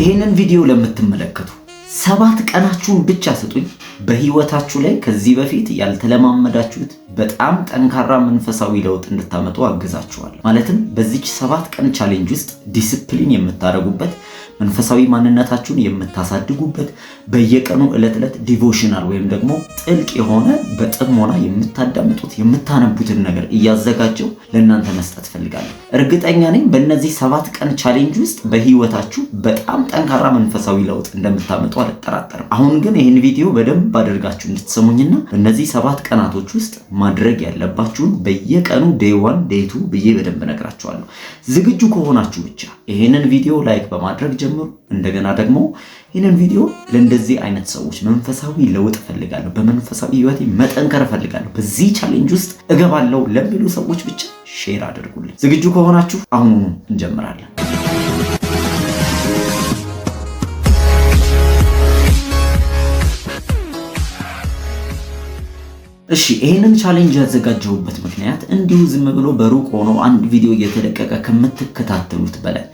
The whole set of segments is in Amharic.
ይህንን ቪዲዮ ለምትመለከቱ ሰባት ቀናችሁን ብቻ ስጡኝ። በህይወታችሁ ላይ ከዚህ በፊት ያልተለማመዳችሁት በጣም ጠንካራ መንፈሳዊ ለውጥ እንድታመጡ አግዛችኋለሁ። ማለትም በዚች ሰባት ቀን ቻሌንጅ ውስጥ ዲስፕሊን የምታደርጉበት መንፈሳዊ ማንነታችሁን የምታሳድጉበት በየቀኑ ዕለት ዕለት ዲቮሽናል ወይም ደግሞ ጥልቅ የሆነ በጥሞና የምታዳምጡት የምታነቡትን ነገር እያዘጋጀው ለእናንተ መስጠት ፈልጋለሁ። እርግጠኛ ነኝ በእነዚህ ሰባት ቀን ቻሌንጅ ውስጥ በህይወታችሁ በጣም ጠንካራ መንፈሳዊ ለውጥ እንደምታመጡ አልጠራጠርም። አሁን ግን ይህን ቪዲዮ በደንብ አድርጋችሁ እንድትሰሙኝና በእነዚህ ሰባት ቀናቶች ውስጥ ማድረግ ያለባችሁን በየቀኑ ዴይ ዋን ዴይ ቱ ብዬ በደንብ ነግራችኋለሁ። ዝግጁ ከሆናችሁ ብቻ ይህንን ቪዲዮ ላይክ በማድረግ ጀምሩ። እንደገና ደግሞ ይህንን ቪዲዮ ለእንደዚህ አይነት ሰዎች መንፈሳዊ ለውጥ እፈልጋለሁ፣ በመንፈሳዊ ህይወቴ መጠንከር እፈልጋለሁ፣ በዚህ ቻሌንጅ ውስጥ እገባለሁ ለሚሉ ሰዎች ብቻ ሼር አድርጉልኝ። ዝግጁ ከሆናችሁ አሁኑኑ እንጀምራለን። እሺ ይህንን ቻሌንጅ ያዘጋጀሁበት ምክንያት እንዲሁ ዝም ብሎ በሩቅ ሆኖ አንድ ቪዲዮ እየተለቀቀ ከምትከታተሉት በላይ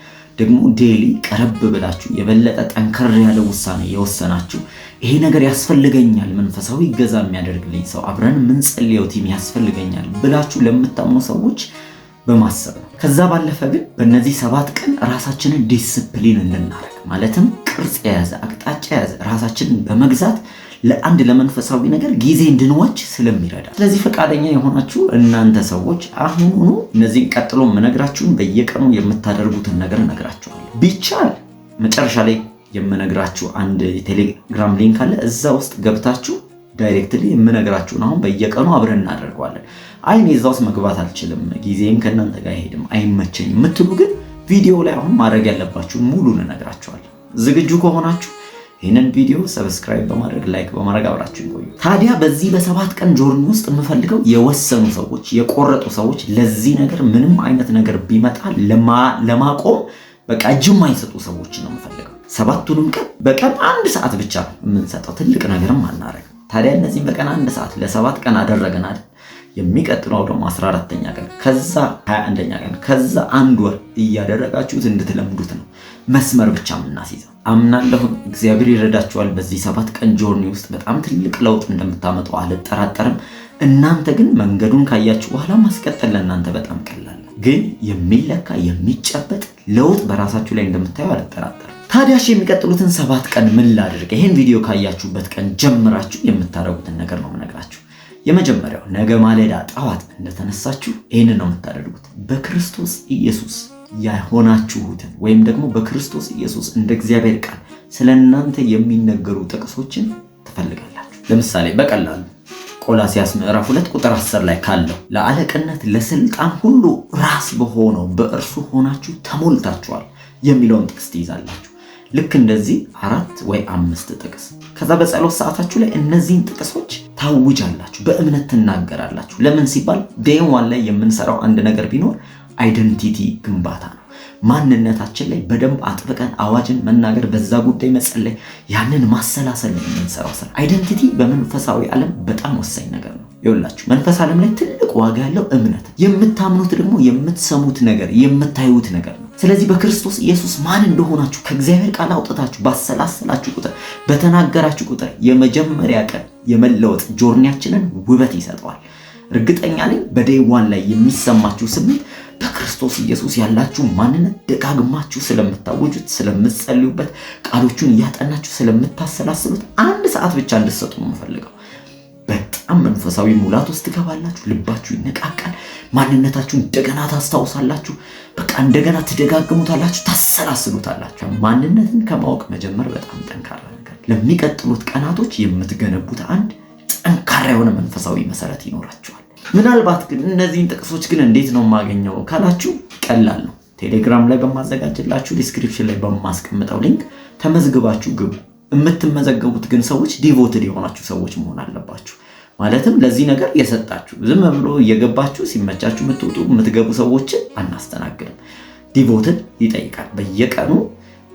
ደግሞ ዴሊ ቀረብ ብላችሁ የበለጠ ጠንከር ያለ ውሳኔ የወሰናችሁ ይሄ ነገር ያስፈልገኛል፣ መንፈሳዊ እገዛ የሚያደርግልኝ ሰው አብረን የምንጸልየው ቲም ያስፈልገኛል ብላችሁ ለምታምኑ ሰዎች በማሰብ ነው። ከዛ ባለፈ ግን በእነዚህ ሰባት ቀን ራሳችንን ዲስፕሊን እንድናደርግ ማለትም ቅርጽ የያዘ አቅጣጫ የያዘ ራሳችንን በመግዛት ለአንድ ለመንፈሳዊ ነገር ጊዜ እንድንዋች ስለሚረዳ፣ ስለዚህ ፈቃደኛ የሆናችሁ እናንተ ሰዎች አሁኑኑ እነዚህን ቀጥሎ የምነግራችሁን በየቀኑ የምታደርጉትን ነገር እነግራችኋለሁ። ቢቻል መጨረሻ ላይ የምነግራችሁ አንድ የቴሌግራም ሊንክ አለ። እዛ ውስጥ ገብታችሁ ዳይሬክትሊ የምነግራችሁን አሁን በየቀኑ አብረን እናደርገዋለን። አይ እኔ እዛ ውስጥ መግባት አልችልም፣ ጊዜም ከእናንተ ጋር አይሄድም፣ አይመቸኝ የምትሉ ግን ቪዲዮ ላይ አሁን ማድረግ ያለባችሁ ሙሉን እነግራችኋለሁ። ዝግጁ ከሆናችሁ ይህንን ቪዲዮ ሰብስክራይብ በማድረግ ላይክ በማድረግ አብራችሁ ይቆዩ። ታዲያ በዚህ በሰባት ቀን ጆርኒ ውስጥ የምፈልገው የወሰኑ ሰዎች፣ የቆረጡ ሰዎች ለዚህ ነገር ምንም አይነት ነገር ቢመጣ ለማቆም በቃ እጅ የማይሰጡ ሰዎች ነው የምፈልገው። ሰባቱንም ቀን በቀን አንድ ሰዓት ብቻ የምንሰጠው። ትልቅ ነገርም አናረግም። ታዲያ እነዚህም በቀን አንድ ሰዓት ለሰባት ቀን አደረግን አይደል? የሚቀጥለው ደግሞ 14ተኛ ቀን ከዛ 21ኛ ቀን ከዛ አንድ ወር እያደረጋችሁት እንድትለምዱት ነው መስመር ብቻ የምናስይዘው። አምናለሁ። እግዚአብሔር ይረዳችኋል። በዚህ ሰባት ቀን ጆርኒ ውስጥ በጣም ትልቅ ለውጥ እንደምታመጡ አልጠራጠርም። እናንተ ግን መንገዱን ካያችሁ በኋላ ማስቀጠል ለእናንተ በጣም ቀላል፣ ግን የሚለካ የሚጨበጥ ለውጥ በራሳችሁ ላይ እንደምታዩ አልጠራጠርም። ታዲያሽ የሚቀጥሉትን ሰባት ቀን ምን ላድርግ? ይህን ቪዲዮ ካያችሁበት ቀን ጀምራችሁ የምታደርጉትን ነገር ነው የምነግራችሁ። የመጀመሪያው ነገ ማለዳ ጠዋት እንደተነሳችሁ ይህንን ነው የምታደርጉት። በክርስቶስ ኢየሱስ የሆናችሁትን ወይም ደግሞ በክርስቶስ ኢየሱስ እንደ እግዚአብሔር ቃል ስለ እናንተ የሚነገሩ ጥቅሶችን ትፈልጋላችሁ። ለምሳሌ በቀላሉ ቆላሲያስ ምዕራፍ 2 ቁጥር 10 ላይ ካለው ለአለቅነት ለስልጣን ሁሉ ራስ በሆነው በእርሱ ሆናችሁ ተሞልታችኋል የሚለውን ጥቅስ ትይዛላችሁ። ልክ እንደዚህ አራት ወይ አምስት ጥቅስ። ከዛ በጸሎት ሰዓታችሁ ላይ እነዚህን ጥቅሶች ታውጃላችሁ፣ በእምነት ትናገራላችሁ። ለምን ሲባል ዴይ ዋን ላይ የምንሰራው አንድ ነገር ቢኖር አይደንቲቲ ግንባታ ነው። ማንነታችን ላይ በደንብ አጥብቀን አዋጅን መናገር፣ በዛ ጉዳይ መጸለይ፣ ያንን ማሰላሰል ነው የምንሰራው ስራ። አይደንቲቲ በመንፈሳዊ ዓለም በጣም ወሳኝ ነገር ነው። ይኸውላችሁ መንፈስ ዓለም ላይ ትልቅ ዋጋ ያለው እምነት፣ የምታምኑት ደግሞ የምትሰሙት ነገር የምታዩት ነገር ነው። ስለዚህ በክርስቶስ ኢየሱስ ማን እንደሆናችሁ ከእግዚአብሔር ቃል አውጥታችሁ ባሰላሰላችሁ ቁጥር በተናገራችሁ ቁጥር የመጀመሪያ ቀን የመለወጥ ጆርኒያችንን ውበት ይሰጠዋል። እርግጠኛ ላይ በዴይ ዋን ላይ የሚሰማችሁ ስሜት በክርስቶስ ኢየሱስ ያላችሁ ማንነት ደጋግማችሁ ስለምታወጁት፣ ስለምትጸልዩበት፣ ቃሎቹን እያጠናችሁ ስለምታሰላስሉት አንድ ሰዓት ብቻ እንድትሰጡ ነው የምፈልገው። በጣም መንፈሳዊ ሙላት ውስጥ ትገባላችሁ። ልባችሁ ይነቃቃል። ማንነታችሁን እንደገና ታስታውሳላችሁ። በቃ እንደገና ትደጋግሙታላችሁ፣ ታሰላስሉታላችሁ። ማንነትን ከማወቅ መጀመር በጣም ጠንካራ ነገር። ለሚቀጥሉት ቀናቶች የምትገነቡት አንድ ጠንካራ የሆነ መንፈሳዊ መሰረት ይኖራችኋል። ምናልባት ግን እነዚህን ጥቅሶች ግን እንዴት ነው የማገኘው ካላችሁ ቀላል ነው። ቴሌግራም ላይ በማዘጋጅላችሁ ዲስክሪፕሽን ላይ በማስቀምጠው ሊንክ ተመዝግባችሁ ግቡ። የምትመዘገቡት ግን ሰዎች ዲቮትድ የሆናችሁ ሰዎች መሆን አለባችሁ። ማለትም ለዚህ ነገር የሰጣችሁ ዝም ብሎ እየገባችሁ ሲመቻችሁ የምትወጡ የምትገቡ ሰዎችን አናስተናግድም። ዲቮትን ይጠይቃል። በየቀኑ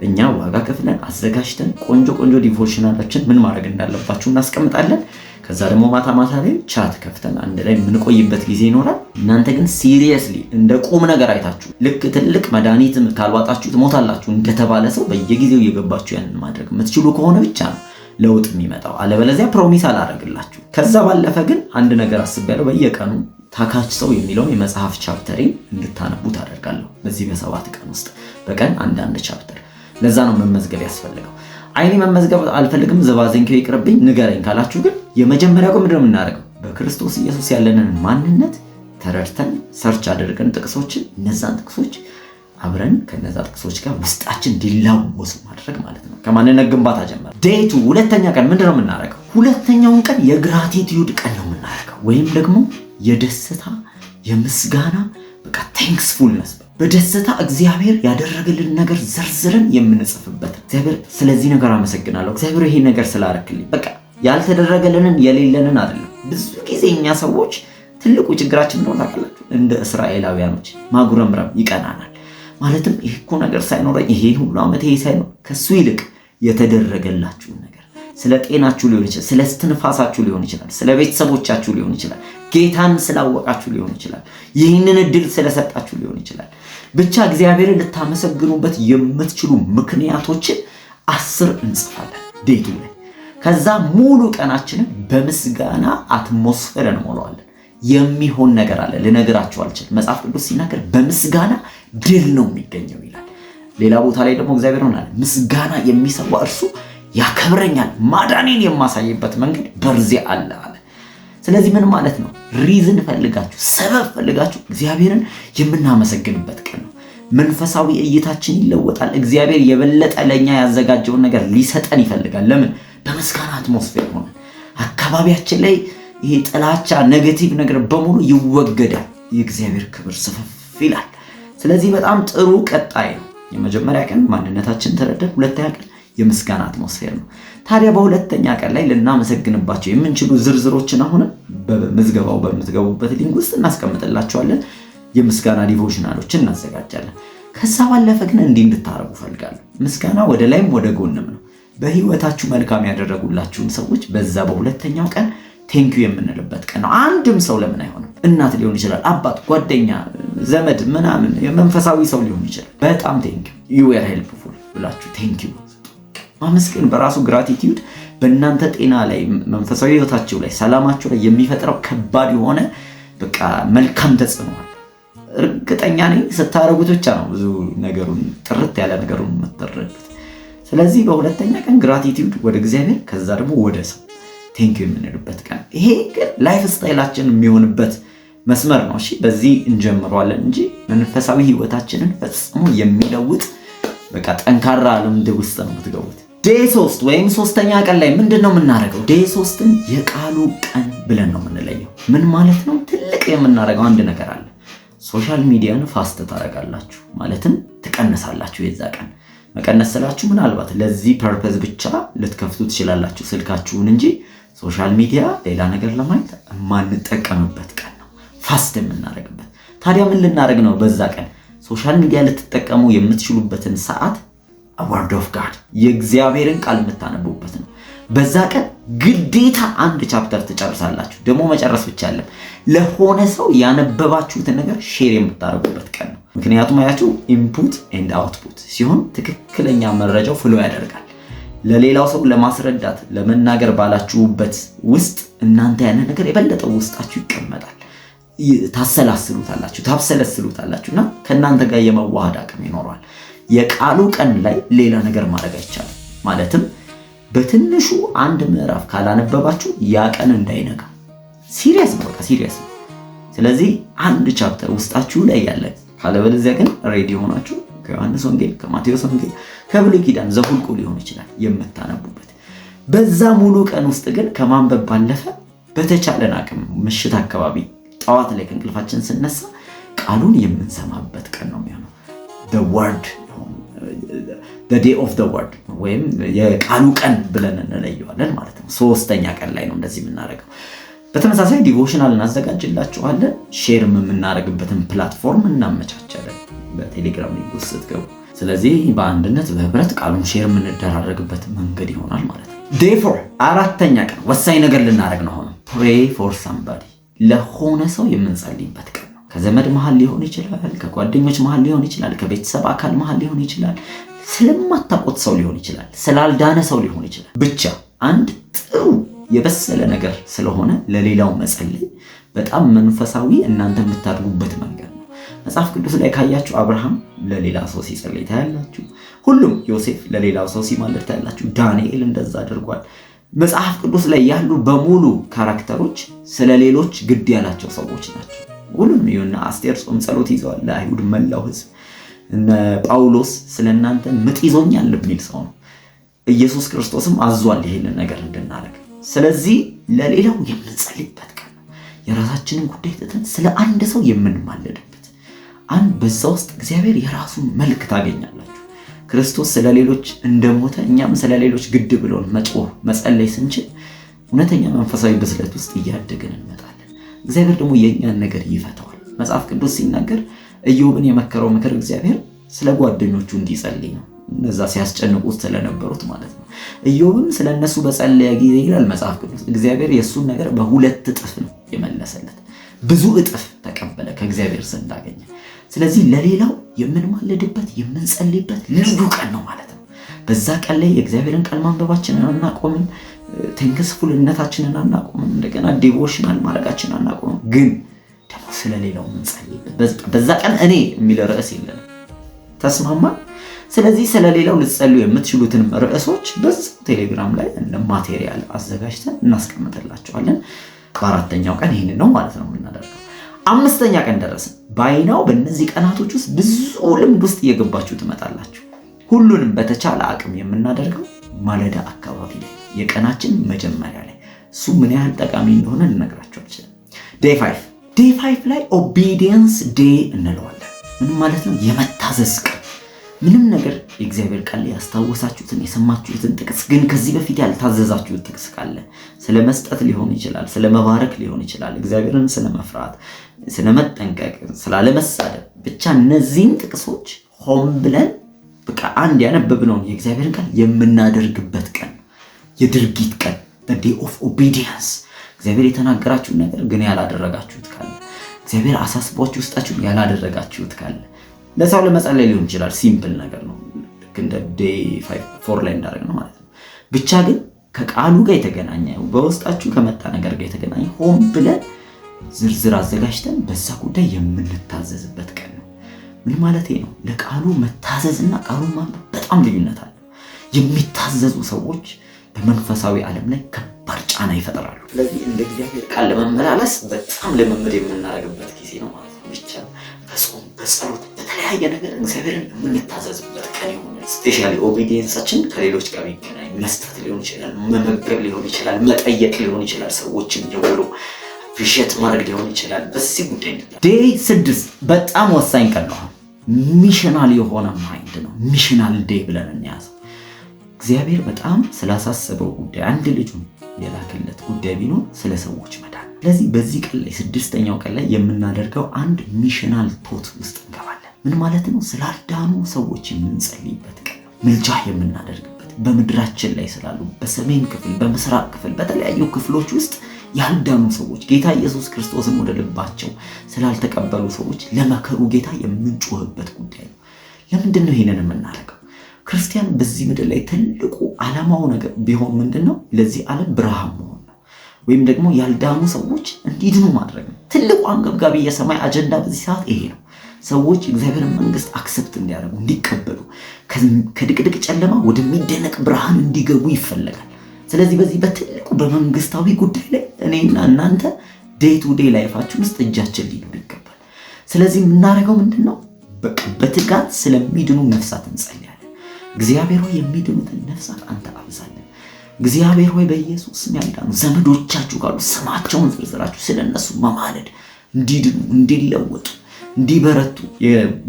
እኛ ዋጋ ክፍለን አዘጋጅተን ቆንጆ ቆንጆ ዲቮሽናላችን ምን ማድረግ እንዳለባችሁ እናስቀምጣለን። ከዛ ደግሞ ማታ ማታ ላይ ቻት ከፍተን አንድ ላይ የምንቆይበት ጊዜ ይኖራል። እናንተ ግን ሲሪየስሊ እንደ ቁም ነገር አይታችሁ ልክ ትልቅ መድኃኒት ካልዋጣችሁ ትሞታላችሁ እንደተባለ ሰው በየጊዜው እየገባችሁ ያንን ማድረግ የምትችሉ ከሆነ ብቻ ነው ለውጥ የሚመጣው። አለበለዚያ ፕሮሚስ አላደርግላችሁ። ከዛ ባለፈ ግን አንድ ነገር አስቤያለሁ በየቀኑ ታካች ሰው የሚለውን የመጽሐፍ ቻፕተሬ እንድታነቡት አደርጋለሁ። በዚህ በሰባት ቀን ውስጥ በቀን አንዳንድ ቻፕተር። ለዛ ነው መመዝገብ ያስፈልገው። አይኔ መመዝገብ አልፈልግም፣ ዘባዘኝ ይቅርብኝ፣ ንገረኝ ካላችሁ ግን የመጀመሪያው ምንድን ነው የምናደርገው? በክርስቶስ ኢየሱስ ያለንን ማንነት ተረድተን ሰርች አድርገን ጥቅሶችን እነዛን ጥቅሶች አብረን ከነዛ ጥቅሶች ጋር ውስጣችን እንዲላወሱ ማድረግ ማለት ነው። ከማንነት ግንባታ ጀመረ። ዴቱ ሁለተኛ ቀን ምንድን ነው የምናደርገው? ሁለተኛውን ቀን የግራቲቲዩድ ቀን ነው የምናደርገው፣ ወይም ደግሞ የደስታ የምስጋና በቃ ቴንክስፉልነስ በደስታ እግዚአብሔር ያደረገልን ነገር ዘርዝረን የምንጽፍበት እግዚአብሔር። ስለዚህ ነገር አመሰግናለሁ እግዚአብሔር ይሄ ነገር ስላረክልኝ። በቃ ያልተደረገልንን የሌለንን አይደለም። ብዙ ጊዜ እኛ ሰዎች ትልቁ ችግራችን እንደሆነ ታውቃላችሁ፣ እንደ እስራኤላውያኖች ማጉረምረም ይቀናናል። ማለትም ይህ እኮ ነገር ሳይኖረኝ ይሄ ሁሉ ዓመት ይሄ ሳይኖር ከሱ ይልቅ የተደረገላችሁን ነገር ስለ ጤናችሁ ሊሆን ይችላል፣ ስለ ስትንፋሳችሁ ሊሆን ይችላል፣ ስለ ቤተሰቦቻችሁ ሊሆን ይችላል፣ ጌታን ስላወቃችሁ ሊሆን ይችላል፣ ይህንን እድል ስለሰጣችሁ ሊሆን ይችላል ብቻ እግዚአብሔርን ልታመሰግኑበት የምትችሉ ምክንያቶችን አስር እንጽፋለን ዴቱ ላይ። ከዛ ሙሉ ቀናችንን በምስጋና አትሞስፌር እንሞላዋለን። የሚሆን ነገር አለ፣ ልነግራቸው አልችልም። መጽሐፍ ቅዱስ ሲናገር በምስጋና ድል ነው የሚገኘው ይላል። ሌላ ቦታ ላይ ደግሞ እግዚአብሔር ሆናል ምስጋና የሚሰዋ እርሱ ያከብረኛል፣ ማዳኔን የማሳይበት መንገድ በርዜ አለ። ስለዚህ ምን ማለት ነው? ሪዝን ፈልጋችሁ ሰበብ ፈልጋችሁ እግዚአብሔርን የምናመሰግንበት ቀን ነው። መንፈሳዊ እይታችን ይለወጣል። እግዚአብሔር የበለጠ ለእኛ ያዘጋጀውን ነገር ሊሰጠን ይፈልጋል። ለምን? በምስጋና አትሞስፌር ሆነ አካባቢያችን ላይ ይሄ ጥላቻ፣ ኔጌቲቭ ነገር በሙሉ ይወገዳል። የእግዚአብሔር ክብር ስፍፍ ይላል። ስለዚህ በጣም ጥሩ ቀጣይ ነው። የመጀመሪያ ቀን ማንነታችን ተረደን፣ ሁለተኛ ቀን የምስጋና አትሞስፌር ነው። ታዲያ በሁለተኛ ቀን ላይ ልናመሰግንባቸው የምንችሉ ዝርዝሮችን አሁንም በምዝገባው በምትገቡበት ሊንክ ውስጥ እናስቀምጥላቸዋለን። የምስጋና ዲቮሽናሎችን እናዘጋጃለን። ከዛ ባለፈ ግን እንዲህ እንድታረጉ ፈልጋለሁ። ምስጋና ወደ ላይም ወደ ጎንም ነው። በህይወታችሁ መልካም ያደረጉላችሁን ሰዎች በዛ በሁለተኛው ቀን ቴንኪ የምንልበት ቀን ነው። አንድም ሰው ለምን አይሆንም? እናት ሊሆን ይችላል፣ አባት፣ ጓደኛ፣ ዘመድ ምናምን፣ መንፈሳዊ ሰው ሊሆን ይችላል። በጣም ቴንኪ ዩ ዌር ሄልፕፉል ብላችሁ ቴንኪዩ ማመስገን በራሱ ግራቲቲዩድ በእናንተ ጤና ላይ፣ መንፈሳዊ ህይወታችሁ ላይ፣ ሰላማችሁ ላይ የሚፈጥረው ከባድ የሆነ በቃ መልካም ተጽዕኖ እርግጠኛ ነኝ ስታደረጉት ብቻ ነው ብዙ ነገሩን ጥርት ያለ ነገሩን የምትረዱት። ስለዚህ በሁለተኛ ቀን ግራቲቲዩድ ወደ እግዚአብሔር ከዛ ደግሞ ወደ ሰው ቴንኪ የምንልበት ቀን ይሄ ግን ላይፍ ስታይላችን የሚሆንበት መስመር ነው። እሺ በዚህ እንጀምረዋለን እንጂ መንፈሳዊ ህይወታችንን ፈጽሞ የሚለውጥ በቃ ጠንካራ ልምድ ውስጥ ነው የምትገቡት። ዴይ ሶስት ወይም ሶስተኛ ቀን ላይ ምንድን ነው የምናደርገው? ዴይ ሶስትን የቃሉ ቀን ብለን ነው የምንለየው። ምን ማለት ነው? ትልቅ የምናደርገው አንድ ነገር አለ። ሶሻል ሚዲያን ፋስት ታደርጋላችሁ፣ ማለትም ትቀንሳላችሁ። የዛ ቀን መቀነስ ስላችሁ ምናልባት ለዚህ ፐርፐዝ ብቻ ልትከፍቱ ትችላላችሁ ስልካችሁን እንጂ ሶሻል ሚዲያ ሌላ ነገር ለማየት የማንጠቀምበት ቀን ነው፣ ፋስት የምናደርግበት። ታዲያ ምን ልናደርግ ነው በዛ ቀን? ሶሻል ሚዲያ ልትጠቀሙ የምትችሉበትን ሰዓት ወርድ ኦፍ ጋድ የእግዚአብሔርን ቃል የምታነቡበት ነው። በዛ ቀን ግዴታ አንድ ቻፕተር ትጨርሳላችሁ። ደግሞ መጨረስ ብቻ አለም ለሆነ ሰው ያነበባችሁትን ነገር ሼር የምታደርጉበት ቀን ነው። ምክንያቱም አያችሁ ኢንፑት ኤንድ አውትፑት ሲሆን ትክክለኛ መረጃው ፍሎ ያደርጋል። ለሌላው ሰው ለማስረዳት ለመናገር ባላችሁበት ውስጥ እናንተ ያለ ነገር የበለጠ ውስጣችሁ ይቀመጣል። ታሰላስሉታላችሁ፣ ታብሰለስሉታላችሁ እና ከእናንተ ጋር የመዋሃድ አቅም ይኖረዋል። የቃሉ ቀን ላይ ሌላ ነገር ማድረግ አይቻልም። ማለትም በትንሹ አንድ ምዕራፍ ካላነበባችሁ ያ ቀን እንዳይነጋ። ሲሪየስ ነው፣ በቃ ሲሪየስ ነው። ስለዚህ አንድ ቻፕተር ውስጣችሁ ላይ ያለ ካለበለዚያ ግን ሬዲ ሆናችሁ ከዮሐንስ ወንጌል፣ ከማቴዎስ ወንጌል፣ ከብሉይ ኪዳን ዘሁልቁ ሊሆን ይችላል የምታነቡበት። በዛ ሙሉ ቀን ውስጥ ግን ከማንበብ ባለፈ በተቻለን አቅም ምሽት አካባቢ ጠዋት ላይ ከእንቅልፋችን ስነሳ ቃሉን የምንሰማበት ቀን ነው የሚሆነው። ወርድ ዴ ኦፍ ወርድ ወይም የቃሉ ቀን ብለን እንለየዋለን ማለት ነው። ሶስተኛ ቀን ላይ ነው እንደዚህ የምናደርገው። በተመሳሳይ ዲቮሽናል እናዘጋጅላችኋለን። ሼር የምናደርግበትን ፕላትፎርም እናመቻቻለን በቴሌግራም ሊንክ ስትገቡ። ስለዚህ በአንድነት በህብረት ቃሉን ሼር የምንደራረግበት መንገድ ይሆናል ማለት ነው። ዴይ ፎር አራተኛ ቀን ወሳኝ ነገር ልናደርግ ነው። ሆነ ፕሬይ ፎር ሳምባዲ ለሆነ ሰው የምንጸልይበት ቀን ከዘመድ መሃል ሊሆን ይችላል፣ ከጓደኞች መሀል ሊሆን ይችላል፣ ከቤተሰብ አካል መሀል ሊሆን ይችላል፣ ስለማታውቁት ሰው ሊሆን ይችላል፣ ስላልዳነ ሰው ሊሆን ይችላል። ብቻ አንድ ጥሩ የበሰለ ነገር ስለሆነ ለሌላው መጸለይ በጣም መንፈሳዊ እናንተ የምታድጉበት መንገድ ነው። መጽሐፍ ቅዱስ ላይ ካያችሁ አብርሃም ለሌላ ሰው ሲጸልይ ታያላችሁ። ሁሉም ዮሴፍ ለሌላው ሰው ሲማልድ ታያላችሁ። ዳንኤል እንደዛ አድርጓል። መጽሐፍ ቅዱስ ላይ ያሉ በሙሉ ካራክተሮች ስለ ሌሎች ግድ ያላቸው ሰዎች ናቸው። ሁሉም ይሁና አስቴር ጾም ጸሎት ይዘዋል። ለአይሁድ መላው ህዝብ። እነ ጳውሎስ ስለ እናንተ ምጥ ይዞኛል የሚል ሰው ነው። ኢየሱስ ክርስቶስም አዟል ይሄንን ነገር እንድናደርግ። ስለዚህ ለሌላው የምንጸልይበት ቀን ነው። የራሳችንን ጉዳይ ትተን ስለ አንድ ሰው የምንማለድበት አንድ በዛ ውስጥ እግዚአብሔር የራሱን መልክ ታገኛላችሁ። ክርስቶስ ስለ ሌሎች እንደሞተ እኛም ስለ ሌሎች ግድ ብሎን መጮህ መጸለይ ስንችል እውነተኛ መንፈሳዊ ብስለት ውስጥ እያደግን እግዚአብሔር ደግሞ የእኛን ነገር ይፈተዋል። መጽሐፍ ቅዱስ ሲናገር እዮብን የመከረው ምክር እግዚአብሔር ስለ ጓደኞቹ እንዲጸልይ ነው። እነዛ ሲያስጨንቁት ስለነበሩት ማለት ነው። እዮብም ስለ እነሱ በጸለየ ጊዜ ይላል መጽሐፍ ቅዱስ እግዚአብሔር የእሱን ነገር በሁለት እጥፍ ነው የመለሰለት። ብዙ እጥፍ ተቀበለ ከእግዚአብሔር ዘንድ አገኘ። ስለዚህ ለሌላው የምንማልድበት የምንጸልይበት ልዩ ቀን ነው ማለት ነው። በዛ ቀን ላይ የእግዚአብሔርን ቃል ማንበባችንን እናቆምን። ቴንክስፉልነታችንን አናቆምም። እንደገና ዲቮሽናል ማድረጋችን አናቆምም። ግን ደግሞ ስለሌላው ምንጸልይበት በዛ ቀን እኔ የሚል ርዕስ የለን ተስማማ። ስለዚህ ስለሌላው ልትጸልዩ የምትችሉትን ርዕሶች በዚ ቴሌግራም ላይ ማቴሪያል አዘጋጅተን እናስቀምጥላቸዋለን። በአራተኛው ቀን ይህን ነው ማለት ነው የምናደርገው። አምስተኛ ቀን ደረስን። ባይናው በእነዚህ ቀናቶች ውስጥ ብዙ ልምድ ውስጥ እየገባችሁ ትመጣላችሁ። ሁሉንም በተቻለ አቅም የምናደርገው ማለዳ አካባቢ ላይ የቀናችን መጀመሪያ ላይ እሱ ምን ያህል ጠቃሚ እንደሆነ ልነግራቸው አልችልም። ዴይ ፋይቭ ዴይ ፋይቭ ላይ ኦቢዲየንስ ዴይ እንለዋለን። ምንም ማለት ነው የመታዘዝ ቀን። ምንም ነገር የእግዚአብሔር ቃል ያስታወሳችሁትን የሰማችሁትን ጥቅስ ግን ከዚህ በፊት ያልታዘዛችሁት ጥቅስ ካለ ስለ መስጠት ሊሆን ይችላል፣ ስለ መባረክ ሊሆን ይችላል፣ እግዚአብሔርን ስለ መፍራት፣ ስለ መጠንቀቅ፣ ስላለመሳደብ ብቻ እነዚህን ጥቅሶች ሆን ብለን በቃ አንድ ያነበብነውን የእግዚአብሔርን ቃል የምናደርግበት የድርጊት ቀን ዴይ ኦፍ ኦቢዲየንስ እግዚአብሔር የተናገራችሁን ነገር ግን ያላደረጋችሁት ካለ እግዚአብሔር አሳስቧችሁ ውስጣችሁ ያላደረጋችሁት ካለ ለሰው ለመጸለይ ሊሆን ይችላል። ሲምፕል ነገር ነው። ልክ እንደ ዴይ ፎር ላይ እንዳደረግ ነው ማለት ነው። ብቻ ግን ከቃሉ ጋር የተገናኘ በውስጣችሁ ከመጣ ነገር ጋር የተገናኘ ሆን ብለን ዝርዝር አዘጋጅተን በዛ ጉዳይ የምንታዘዝበት ቀን ነው። ምን ማለት ነው? ለቃሉ መታዘዝና ቃሉን ማንበብ በጣም ልዩነት አለ። የሚታዘዙ ሰዎች በመንፈሳዊ ዓለም ላይ ከባድ ጫና ይፈጥራሉ። ስለዚህ እንደ እግዚአብሔር ቃል ለመመላለስ በጣም ልምምድ የምናደርግበት ጊዜ ነው ማለት ነው። ብቻ በጾም በጸሎት በተለያየ ነገር እግዚአብሔርን የምንታዘዝበት ቀን የሆነ ስፔሻሊ ኦቢዲየንሳችን ከሌሎች ጋር ይገናኝ። መስጠት ሊሆን ይችላል፣ መመገብ ሊሆን ይችላል፣ መጠየቅ ሊሆን ይችላል፣ ሰዎችን ደውሎ ብሸት ማድረግ ሊሆን ይችላል። በዚህ ጉዳይ ዴይ ስድስት በጣም ወሳኝ ቀን ነው። ሚሽናል የሆነ ማይንድ ነው። ሚሽናል ዴይ ብለን እንያዘው። እግዚአብሔር በጣም ስላሳሰበው ጉዳይ አንድ ልጁን የላከለት ጉዳይ ቢኖር ስለ ሰዎች መዳን። ስለዚህ በዚህ ቀን ላይ ስድስተኛው ቀን ላይ የምናደርገው አንድ ሚሽናል ቶት ውስጥ እንገባለን። ምን ማለት ነው? ስላልዳኑ ሰዎች የምንጸልይበት ቀን ነው። ምልጃ የምናደርግበት በምድራችን ላይ ስላሉ በሰሜን ክፍል፣ በምስራቅ ክፍል፣ በተለያዩ ክፍሎች ውስጥ ያልዳኑ ሰዎች ጌታ ኢየሱስ ክርስቶስን ወደ ልባቸው ስላልተቀበሉ ሰዎች ለመከሩ ጌታ የምንጮህበት ጉዳይ ነው። ለምንድን ነው ይህንን የምናደርገው? ክርስቲያን በዚህ ምድር ላይ ትልቁ ዓላማው ነገር ቢሆን ምንድን ነው? ለዚህ ዓለም ብርሃን መሆን ነው፣ ወይም ደግሞ ያልዳኑ ሰዎች እንዲድኑ ማድረግ ነው። ትልቁ አንገብጋቢ የሰማይ አጀንዳ በዚህ ሰዓት ይሄ ነው። ሰዎች እግዚአብሔር መንግስት አክሰፕት እንዲያደርጉ እንዲቀበሉ፣ ከድቅድቅ ጨለማ ወደሚደነቅ ብርሃን እንዲገቡ ይፈለጋል። ስለዚህ በዚህ በትልቁ በመንግስታዊ ጉዳይ ላይ እኔና እናንተ ዴይ ቱ ዴይ ላይፋችን ውስጥ እጃችን ሊኖር ይገባል። ስለዚህ የምናደርገው ምንድን ነው? በትጋት ስለሚድኑ ነፍሳት እንጸልይ። እግዚአብሔር ሆይ የሚድኑትን ነፍሳት አንተ አብዛለን። እግዚአብሔር ሆይ በኢየሱስ ስም ያዳኑ ዘመዶቻችሁ ካሉ ስማቸውን ዝርዝራችሁ ስለነሱ መማለድ እንዲድኑ፣ እንዲለወጡ፣ እንዲበረቱ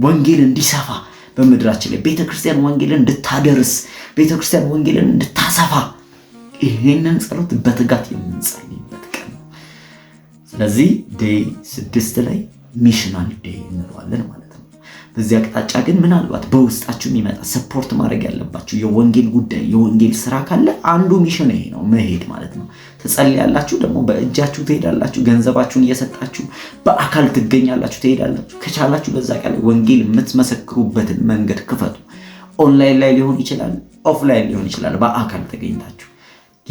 ወንጌል እንዲሰፋ በምድራችን ላይ ቤተክርስቲያን ወንጌልን እንድታደርስ ቤተክርስቲያን ወንጌልን እንድታሰፋ ይህንን ጸሎት በትጋት የምንጸልይበት ቀን ነው። ስለዚህ ዴይ ስድስት ላይ ሚሽናል ዴይ እንለዋለን ማለት ነው። በዚህ አቅጣጫ ግን ምናልባት በውስጣችሁ የሚመጣ ሰፖርት ማድረግ ያለባችሁ የወንጌል ጉዳይ የወንጌል ስራ ካለ አንዱ ሚሽን ይሄ ነው፣ መሄድ ማለት ነው። ትጸልያላችሁ፣ ደግሞ በእጃችሁ ትሄዳላችሁ፣ ገንዘባችሁን እየሰጣችሁ በአካል ትገኛላችሁ፣ ትሄዳላችሁ። ከቻላችሁ በዛ ቃል ወንጌል የምትመሰክሩበትን መንገድ ክፈቱ። ኦንላይን ላይ ሊሆን ይችላል፣ ኦፍላይን ሊሆን ይችላል፣ በአካል ተገኝታችሁ።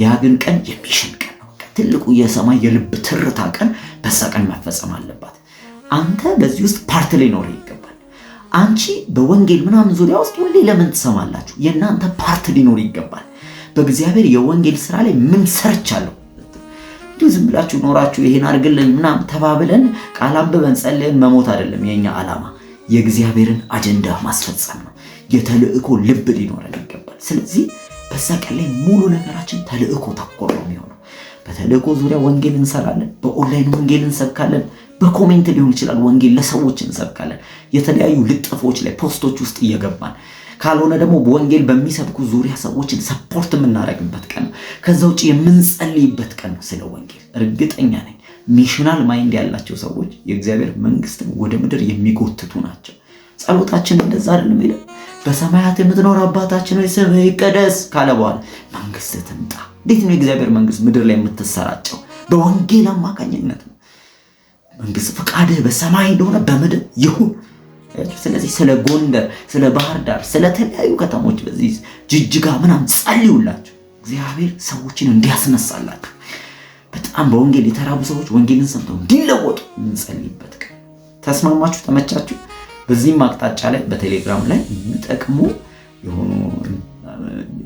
ያ ግን ቀን የሚሽን ቀን ነው። ትልቁ የሰማይ የልብ ትርታ ቀን በዛ ቀን መፈጸም አለባት። አንተ በዚህ ውስጥ ፓርት ሊኖር ይገባል። አንቺ በወንጌል ምናምን ዙሪያ ውስጥ ሁሌ ለምን ትሰማላችሁ? የእናንተ ፓርት ሊኖር ይገባል። በእግዚአብሔር የወንጌል ስራ ላይ ምን ሰርቻለሁ? እንዲሁ ዝም ብላችሁ ኖራችሁ ይሄን አድርግልኝ ምናምን ተባብለን ቃል አንብበን ጸልየን መሞት አይደለም የእኛ ዓላማ። የእግዚአብሔርን አጀንዳ ማስፈጸም ነው። የተልእኮ ልብ ሊኖረን ይገባል። ስለዚህ በዛ ቀን ላይ ሙሉ ነገራችን ተልእኮ ተኮር ነው የሚሆነው። በተልእኮ ዙሪያ ወንጌል እንሰራለን። በኦንላይን ወንጌል እንሰብካለን። በኮሜንት ሊሆን ይችላል። ወንጌል ለሰዎች እንሰብካለን የተለያዩ ልጥፎች ላይ ፖስቶች ውስጥ እየገባን ካልሆነ ደግሞ በወንጌል በሚሰብኩ ዙሪያ ሰዎችን ሰፖርት የምናደርግበት ቀን ነው። ከዛ ውጭ የምንጸልይበት ቀን ነው። ስለ ወንጌል እርግጠኛ ነኝ ሚሽናል ማይንድ ያላቸው ሰዎች የእግዚአብሔር መንግስትን ወደ ምድር የሚጎትቱ ናቸው። ጸሎታችን እንደዛ አይደለም ይለ በሰማያት የምትኖር አባታችን ወይ ስምህ ይቀደስ ካለ በኋላ መንግስት ትምጣ። እንዴት ነው የእግዚአብሔር መንግስት ምድር ላይ የምትሰራጨው? በወንጌል አማካኝነት መንግስት ፈቃድህ በሰማይ እንደሆነ በምድር ይሁን። ስለዚህ ስለ ጎንደር፣ ስለ ባህር ዳር፣ ስለተለያዩ ከተሞች በዚህ ጅጅጋ ምናምን ጸልዩላቸው። እግዚአብሔር ሰዎችን እንዲያስነሳላቸው በጣም በወንጌል የተራቡ ሰዎች ወንጌልን ሰምተው እንዲለወጡ እንጸልይበት ተስማማችሁ? ተመቻችሁ? በዚህም አቅጣጫ ላይ በቴሌግራም ላይ የሚጠቅሙ የሆኑ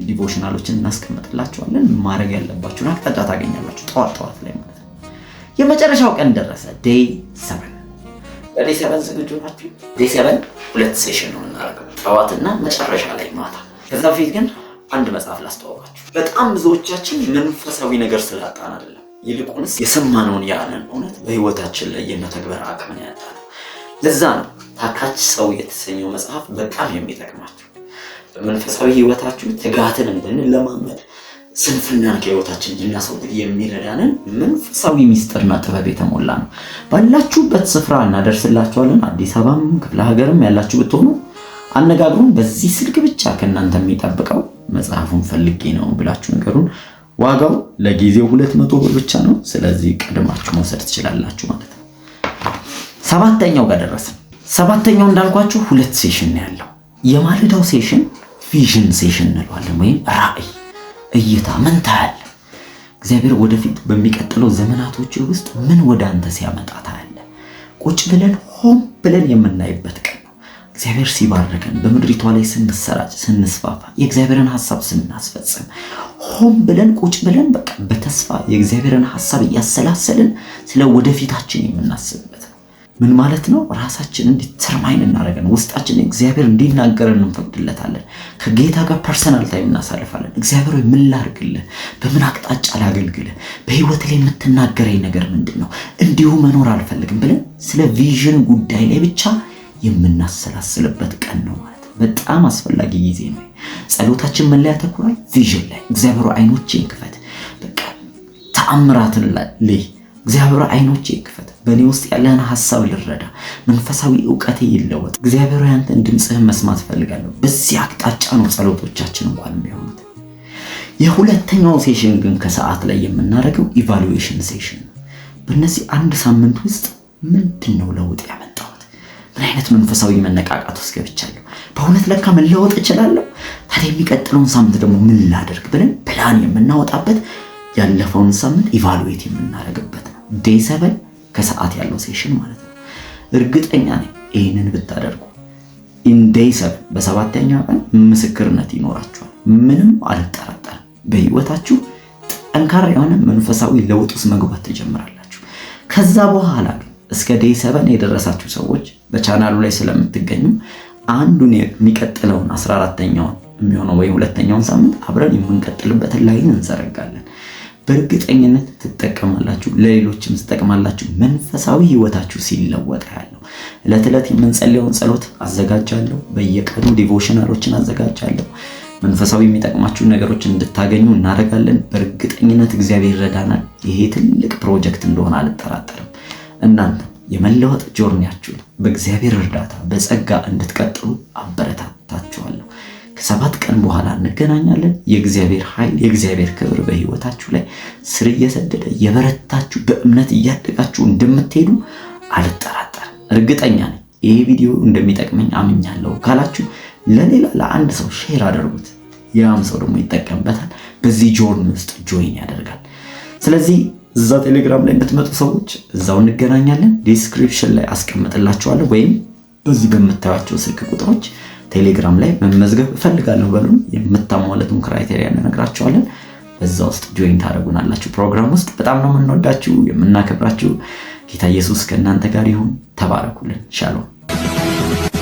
ዲቮሽናሎችን እናስቀምጥላችኋለን። ማድረግ ያለባችሁን አቅጣጫ ታገኛላችሁ ጠዋት ጠዋት ላይ የመጨረሻው ቀን ደረሰ። ዴይ ሰቨን ዴይ ሰቨን ዝግጁ ናቸው። ዴይ ሰቨን ሁለት ሴሽን ነው እናደርገው፣ ጠዋትና መጨረሻ ላይ ማታ። ከዛ በፊት ግን አንድ መጽሐፍ ላስተዋወቃችሁ። በጣም ብዙዎቻችን መንፈሳዊ ነገር ስላጣን አይደለም፣ ይልቁንስ የሰማነውን ያለን እውነት በህይወታችን ላይ የመተግበር አቅምን ያጣል። ለዛ ነው ታካች ሰው የተሰኘው መጽሐፍ በጣም የሚጠቅማችሁ በመንፈሳዊ ህይወታችሁ ትጋትን እንድንለማመድ ስንፍናን ከህይወታችን እንድናስወግድ የሚረዳንን መንፈሳዊ ሚስጥርና ጥበብ የተሞላ ነው። ባላችሁበት ስፍራ እናደርስላችኋለን። አዲስ አበባም ክፍለ ሀገርም ያላችሁ ብትሆኑ አነጋግሩን። በዚህ ስልክ ብቻ ከእናንተ የሚጠብቀው መጽሐፉን ፈልጌ ነው ብላችሁ ነገሩን። ዋጋው ለጊዜው ሁለት መቶ ብር ብቻ ነው። ስለዚህ ቀድማችሁ መውሰድ ትችላላችሁ ማለት ነው። ሰባተኛው ጋር ደረስን። ሰባተኛው እንዳልኳችሁ ሁለት ሴሽን ያለው። የማለዳው ሴሽን ቪዥን ሴሽን እንለዋለን ወይም ራእይ እይታ ምን ታያለ እግዚአብሔር ወደፊት በሚቀጥለው ዘመናቶች ውስጥ ምን ወደ አንተ ሲያመጣ ታያለህ? ቁጭ ብለን ሆም ብለን የምናይበት ቀን ነው። እግዚአብሔር ሲባርከን በምድሪቷ ላይ ስንሰራጭ፣ ስንስፋፋ፣ የእግዚአብሔርን ሀሳብ ስናስፈጽም፣ ሆም ብለን ቁጭ ብለን በቃ በተስፋ የእግዚአብሔርን ሀሳብ እያሰላሰልን ስለ ወደፊታችን የምናስብበት ምን ማለት ነው? ራሳችን እንዲተርማይን እናደርጋለን። ውስጣችን እግዚአብሔር እንዲናገረን እንፈቅድለታለን። ከጌታ ጋር ፐርሰናል ታይም እናሳልፋለን። እግዚአብሔር ወይ ምን ላርግልህ? በምን አቅጣጫ ላገልግልህ? በህይወት ላይ የምትናገረኝ ነገር ምንድን ነው? እንዲሁ መኖር አልፈልግም ብለን ስለ ቪዥን ጉዳይ ላይ ብቻ የምናሰላስልበት ቀን ነው ማለት ነው። በጣም አስፈላጊ ጊዜ ነው። ጸሎታችን ምን ላይ ያተኩራል? ቪዥን ላይ። እግዚአብሔር አይኖቼን ክፈት፣ በቃ ተአምራትን ላይ እግዚአብሔር አይኖች ይክፈት፣ በእኔ ውስጥ ያለህን ሀሳብ ልረዳ፣ መንፈሳዊ እውቀቴ ይለወጥ። እግዚአብሔር ያንተን ድምፅህን መስማት ፈልጋለሁ። በዚህ አቅጣጫ ነው ጸሎቶቻችን እንኳን የሚሆኑት። የሁለተኛው ሴሽን ግን ከሰዓት ላይ የምናደርገው ኢቫሉዌሽን ሴሽን። በእነዚህ አንድ ሳምንት ውስጥ ምንድን ነው ለውጥ ያመጣሁት? ምን አይነት መንፈሳዊ መነቃቃት ውስጥ ገብቻለሁ? በእውነት ለካ መለወጥ እችላለሁ። ታዲያ የሚቀጥለውን ሳምንት ደግሞ ምን ላደርግ ብለን ፕላን የምናወጣበት ያለፈውን ሳምንት ኢቫሉዌት የምናደርግበት ነው። ዴይ ሰበን ከሰዓት ያለው ሴሽን ማለት ነው። እርግጠኛ ነኝ ይህንን ብታደርጉ ዴይ ሰብን በሰባተኛው ቀን ምስክርነት ይኖራችኋል። ምንም አልጠራጠርም። በህይወታችሁ ጠንካራ የሆነ መንፈሳዊ ለውጥ ውስጥ መግባት ትጀምራላችሁ። ከዛ በኋላ ግን እስከ ዴይ ሰበን የደረሳችሁ ሰዎች በቻናሉ ላይ ስለምትገኙ አንዱን የሚቀጥለውን 14 ኛው የሚሆነው ወይም ሁለተኛውን ሳምንት አብረን የምንቀጥልበትን ላይን እንዘረጋለን። በእርግጠኝነት ትጠቀማላችሁ፣ ለሌሎችም ትጠቅማላችሁ። መንፈሳዊ ህይወታችሁ ሲለወጥ ያለው ዕለት ዕለት የምንጸልየውን ጸሎት አዘጋጃለሁ። በየቀኑ ዲቮሽናሎችን አዘጋጃለሁ። መንፈሳዊ የሚጠቅማችሁ ነገሮች እንድታገኙ እናደርጋለን። በእርግጠኝነት እግዚአብሔር ይረዳናል። ይሄ ትልቅ ፕሮጀክት እንደሆነ አልጠራጠርም። እናንተ የመለወጥ ጆርኒያችሁን በእግዚአብሔር እርዳታ በጸጋ እንድትቀጥሉ አበረታታችኋለሁ። ከሰባት ቀን በኋላ እንገናኛለን። የእግዚአብሔር ኃይል የእግዚአብሔር ክብር በህይወታችሁ ላይ ስር እየሰደደ የበረታችሁ በእምነት እያደጋችሁ እንደምትሄዱ አልጠራጠርም፣ እርግጠኛ ነኝ። ይሄ ቪዲዮ እንደሚጠቅመኝ አምኛለሁ ካላችሁ ለሌላ ለአንድ ሰው ሼር አድርጉት። ያም ሰው ደግሞ ይጠቀምበታል፣ በዚህ ጆርን ውስጥ ጆይን ያደርጋል። ስለዚህ እዛ ቴሌግራም ላይ የምትመጡ ሰዎች እዛው እንገናኛለን። ዲስክሪፕሽን ላይ አስቀምጥላችኋለሁ ወይም በዚህ በምታዩቸው ስልክ ቁጥሮች ቴሌግራም ላይ መመዝገብ እፈልጋለሁ በሉ። የምታሟለቱን ክራይቴሪያ እንነግራቸዋለን። በዛ ውስጥ ጆይን ታደረጉናላችሁ ፕሮግራም ውስጥ በጣም ነው የምንወዳችሁ የምናከብራችሁ። ጌታ ኢየሱስ ከእናንተ ጋር ይሁን። ተባረኩልን። ሻሎም